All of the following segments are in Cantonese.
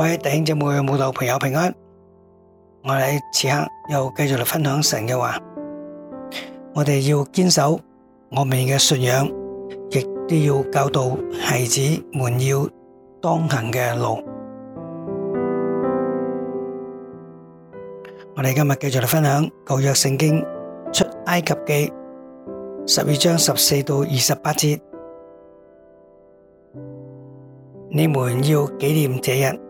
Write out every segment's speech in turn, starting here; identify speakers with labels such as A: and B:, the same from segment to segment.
A: 各位弟兄姊妹、慕道朋友平安，我哋此刻又繼續嚟分享神嘅話。我哋要堅守我哋嘅信仰，亦都要教導孩子們要當行嘅路。我哋今日繼續嚟分享舊約聖經出埃及記十二章十四到二十八節：你們要紀念這日。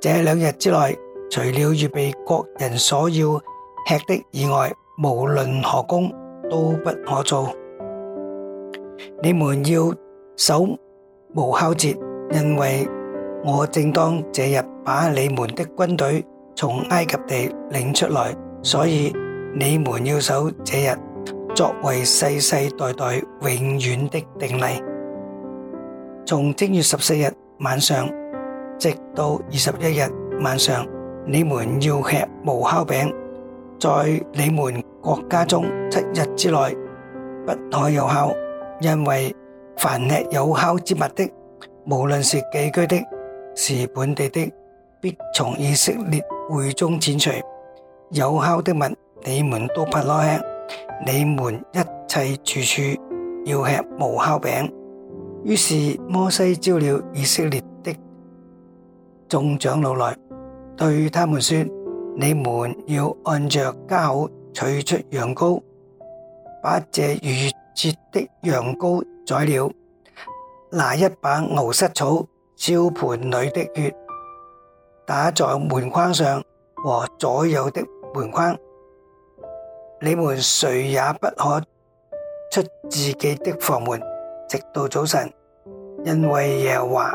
A: 這兩日之內，除了預備各人所要吃的以外，無論何工都不可做。你們要守無酵節，因為我正當這日把你們的軍隊從埃及地領出來，所以你們要守這日，作為世世代代永遠的定例。從正月十四日晚上。直到二十一日晚上，你們要吃無酵餅，在你們國家中七日之內不可有酵，因為凡吃有酵之物的，無論是寄居的、是本地的，必從以色列會中剪除有酵的物，你們都不攞吃，你們一切住處要吃無酵餅。於是摩西召了以色列。眾長老來對他們說：你們要按着家口取出羊羔，把這逾越節的羊羔宰了，拿一把牛膝草，照盆裏的血，打在門框上和左右的門框。你們誰也不可出自己的房門，直到早晨，因為耶華。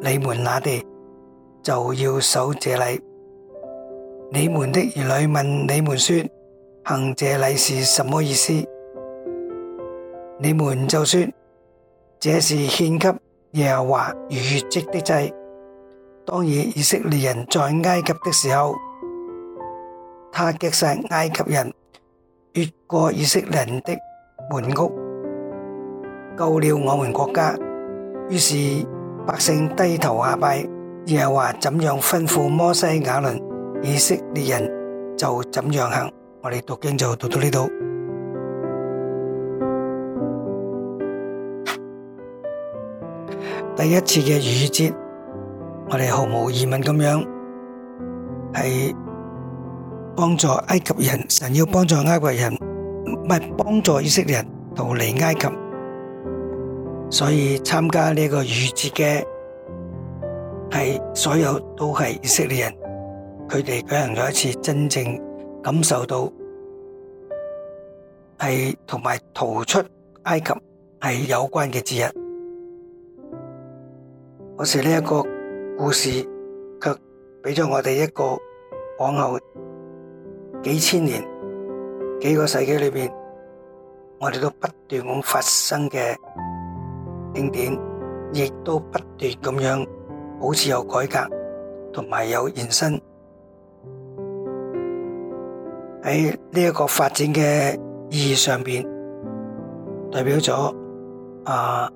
A: 你們那地就要守這禮。你們的兒女問你們說：行這禮是什麼意思？你們就說：這是獻給耶和華逾越節的祭。當以以色列人在埃及的時候，他擊殺埃及人，越過以色列人的門屋，救了我們國家。於是。百姓低頭下拜，又話怎樣吩咐摩西亞倫，以色列人就怎樣行。我哋讀經就讀到呢度。第一次嘅逾越節，我哋毫無疑問咁樣係幫助埃及人，神要幫助埃及人，唔係幫助以色列人逃離埃及。所以參加呢個逾節嘅係所有都係以色列人，佢哋舉行咗一次真正感受到係同埋逃出埃及係有關嘅節日。可是呢一個故事卻俾咗我哋一個往後幾千年幾個世紀裏面，我哋都不斷咁發生嘅。經典亦都不斷咁樣，好似有改革同埋有延伸喺呢一個發展嘅意義上邊，代表咗啊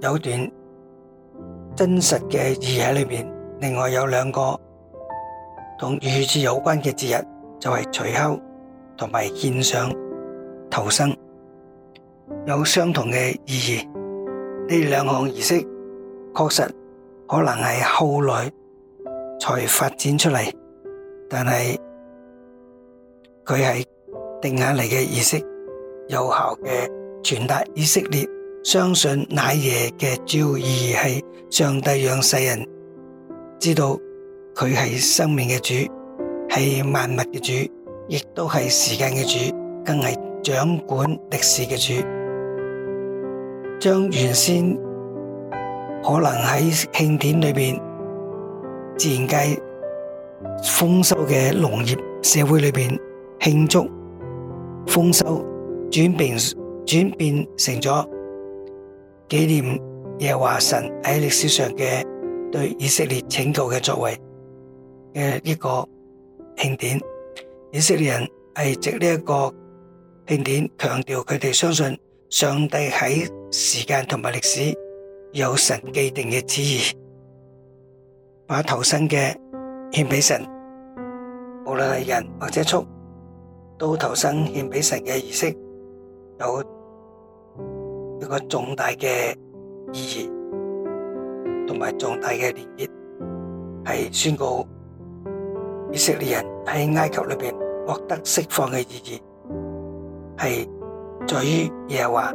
A: 有段真實嘅意義喺裏邊。另外有兩個同預知有關嘅節日，就係除秋同埋獻上逃生。有相同嘅意義，呢兩項儀式確實可能係後來才發展出嚟，但係佢係定下嚟嘅儀式，有效嘅傳達以色列相信乃耶嘅主要意義係上帝讓世人知道佢係生命嘅主，係萬物嘅主，亦都係時間嘅主，更係掌管歷史嘅主。將原先可能喺慶典裏邊，自然界豐收嘅農業社會裏邊慶祝豐收，轉變轉變成咗紀念耶和華神喺歷史上嘅對以色列拯救嘅作為嘅呢個慶典。以色列人係藉呢一個慶典強調佢哋相信上帝喺時間同埋歷史有神既定嘅旨意，把投生嘅獻俾神，無論係人或者畜，都投生獻俾神嘅儀式，有一個重大嘅意義同埋重大嘅連結，係宣告以色列人喺埃及裏邊獲得釋放嘅意義，係在於耶和華。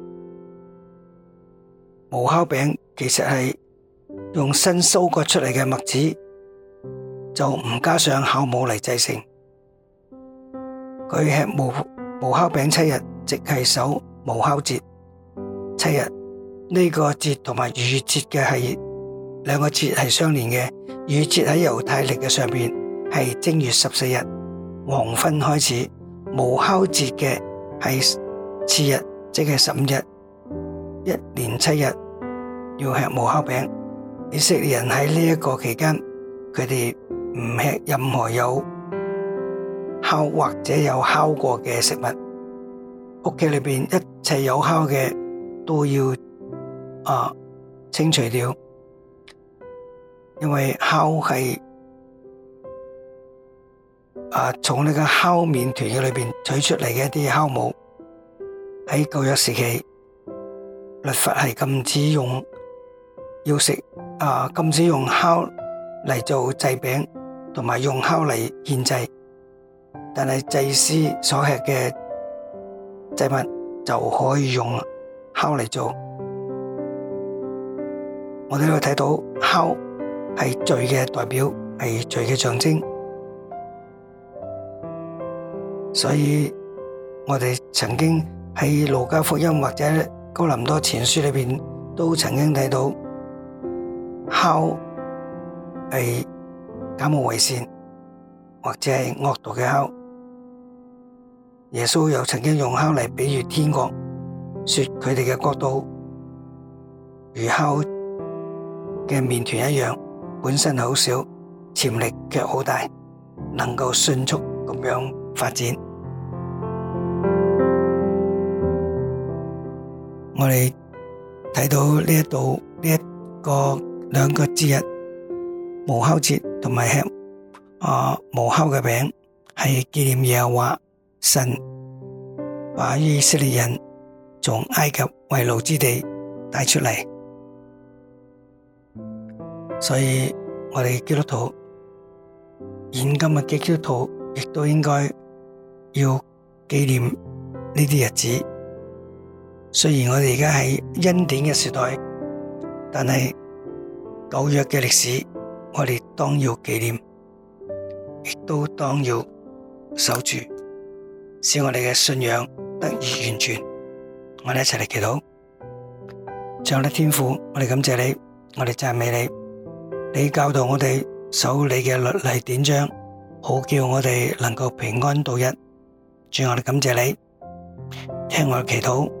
A: 無酵餅其實係用新收割出嚟嘅麥子，就唔加上酵母嚟製成。佢吃無無酵餅七日，即係守無酵節七日。呢、這個節同埋逾節嘅係兩個節係相連嘅。逾節喺猶太曆嘅上邊係正月十四日黃昏開始，無酵節嘅係次日，即係十五日。一年七日要吃無酵餅，以色列人喺呢一個期間，佢哋唔吃任何有酵或者有酵過嘅食物。屋企裏邊一切有酵嘅都要啊，清除掉，因為酵係啊，從呢個酵麵糰嘅裏邊取出嚟，嘅一啲酵母喺舊約時期律法係禁止用，要食啊禁止用酵嚟做祭餅，同埋用酵嚟獻祭。但係祭司所吃嘅祭物就可以用酵嚟做。我哋可以睇到酵係罪嘅代表，係罪嘅象徵。所以我哋曾經喺路加福音或者《哥林多前書》裏邊都曾經睇到，酵係假冒為善，或者係惡毒嘅酵。耶穌又曾經用酵嚟比喻天國，說佢哋嘅國度如酵嘅麵團一樣，本身好小，潛力卻好大，能夠迅速咁樣發展。我哋睇到呢一度呢一個兩個節日、呃、無酵節，同埋吃啊無酵嘅餅，係紀念耶和華神把以色列人從埃及為奴之地帶出嚟。所以我哋基督徒現今日嘅基督徒亦都應該要紀念呢啲日子。雖然我哋而家喺恩典嘅時代，但係舊約嘅歷史，我哋當要紀念，亦都當要守住，使我哋嘅信仰得以完全。我哋一齊嚟祈禱，主，我哋天父，我哋感謝你，我哋讚美你，你教導我哋守你嘅律例典章，好叫我哋能夠平安度日。主，我哋感謝你，聽我嘅祈禱。